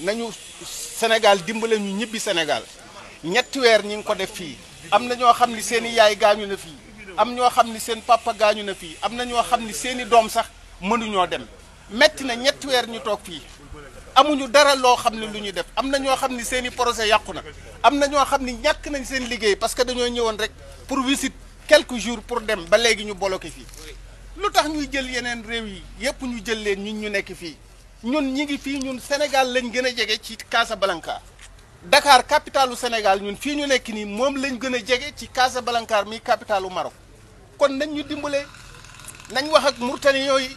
nañu Sénégal dimbale ñu ñibbi Sénégal ñetti weer ñi ngi ko def fii am na ñoo xam ni seen i yaay gaañu na fii am ñoo xam ni seen papa gaañu na fii am na ñoo xam ni seen i doom sax mënuñoo dem metti na ñetti weer ñu toog fii amuñu dara loo xam ne lu ñuy def am na ñoo xam ni seen i projet yàqu na am na ñoo xam ni ñàkk nañ seen liggéey parce que dañoo ñëwoon rek pour visite quelque jours pour dem ba léegi ñu bloqué fii lu tax ñuy jël yeneen réew yi yëpp ñu jël leen ñun ñu nekk fii ñun ñi ngi fii ñun Sénégal lañ gën a jege ci Casablanca dakaar capitalu Sénégal ñun fii ñu nekk nii moom lañ gën a jege ci Casablanca mi capitalu Maroc kon nañ ñu dimbale nañ wax ak Mauritanie yooyu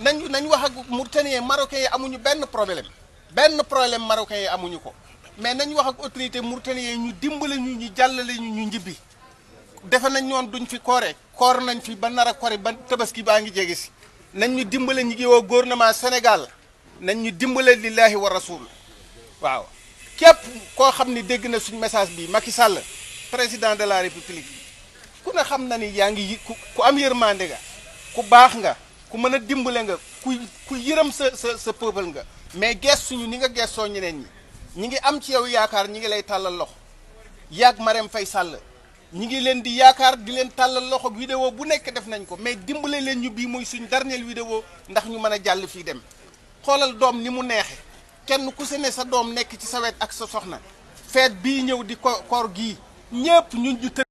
nañ nañ wax ak Mauritaniens marocains yi amuñu benn problème benn problème marocains yi amuñu ko mais nañ wax ak autorité Mauritaniens yi ñu dimbale ñu ñu jàllale ñu ñu njibbi defe nañ ñoon duñ fi koore koor nañ fi ba nara a koore ba tabaski baa ngi jege si nañ ñu dimbale ñu ngi woo gouvernement Sénégal nañ ñu dimbale lillahi wa rasul waaw képp koo xam ni dégg na suñ message bi i sàll président de la république ku ne xam na ni yaa ngi ku ku am yërmande ga ku baax nga ku mën a dimbale nga ku ku yërëm sa sa sa peuple nga mais gestuñu ni nga gestoo ñeneen ñi ñi ngi am ci yow yaakaar ñi ngi lay tàllal loxo yàgg Marème fay sàll ñi ngi leen di yaakaar di leen tàllal loxo vidéo bu nekk def nañ ko mais dimbale leen ñu bii muy suñ dernière vidéo ndax ñu mën a jàll fii dem xoolal doom ni mu neexe kenn ku si sa doom nekk ci sa wet ak sa soxna feet bii ñëw di ko koor gi ñépp ñun ñu